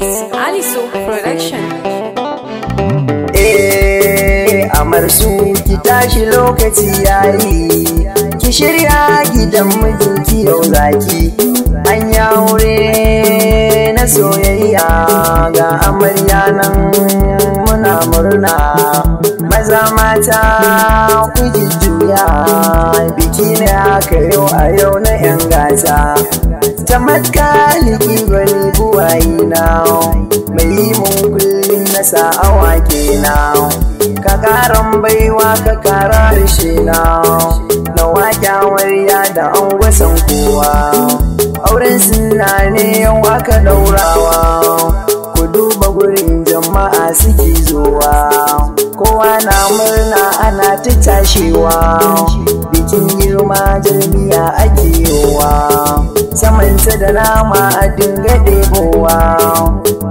Beats eh, Su Eh, amarsu ki tashi lokaci yayi, ki shirya gidan mijinki yau zaki. An ya aure na soyayya ga amarya nan muna murna. Maza mata ku juya biki na aka yau a yau na 'yan gata. Ta matkali na mai yi mun kullum na sa'awa na ka karan baiwa ka kara harshe na na wakyawar ya da an gwasan kowa auren suna ne yawa ka daurawa ku duba gurin jama'a suke zowa kowa na murna ana ta tashewa bikin girma jirmiya ake yiwa kusa da nama a dinga ɗebowa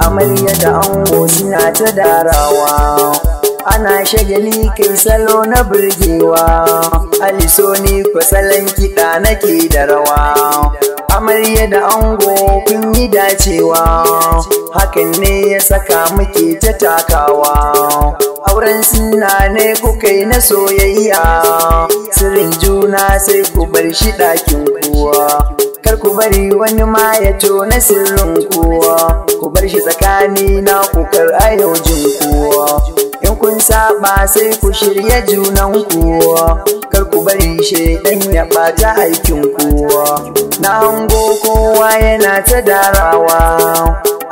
amarya da ango suna ta darawa ana shagali kai salo na burgewa aliso ni salon kiɗa nake da rawa amarya da ango kun yi dacewa hakan ne ya saka muke ta takawa auren suna ne kuka yi na soyayya sirin juna sai ku bar shi ɗakin kuwa kar ku bari wani ma ya na sirrin kowa ku bar shi tsakani na ku kar a yau jin kowa in kun saba sai ku shirya junan kowa kar ku bari shaidan ya bata aikin kowa na hango kowa yana ta darawa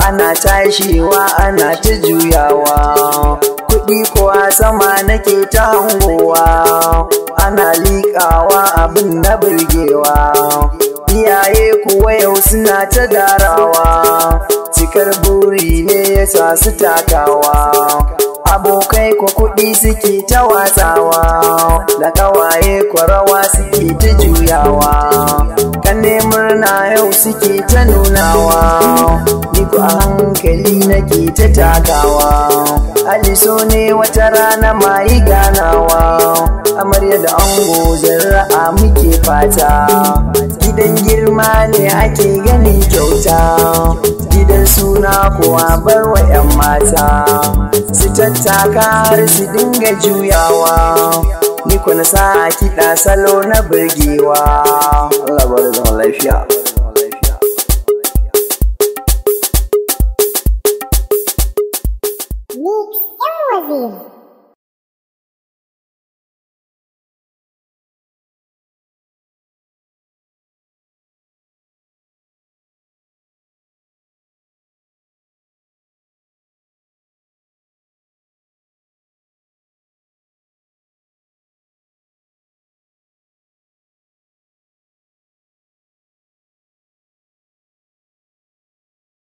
ana tashiwa ana ta juyawa kuɗi kuwa sama nake ta hangowa ana liƙawa abin na birgewa iyaye kuwa yau suna ta darawa cikar buri ne ya sa su takawa abokai ku kuɗi suke ta watsawa da kawaye kwarawa rawa suke ta juyawa kan murna yau suke ta nunawa ni ku a hankali nake ta takawa aliso ne wata rana ma yi ganawa amarya da ango zarra'a muke fata gidan girma ne ake ganin kyauta gidan suna kuwa bar wa 'yan mata su tattaka har su dinga juyawa ni kuna sa a kiɗa salo na birgewa. Allah lafiya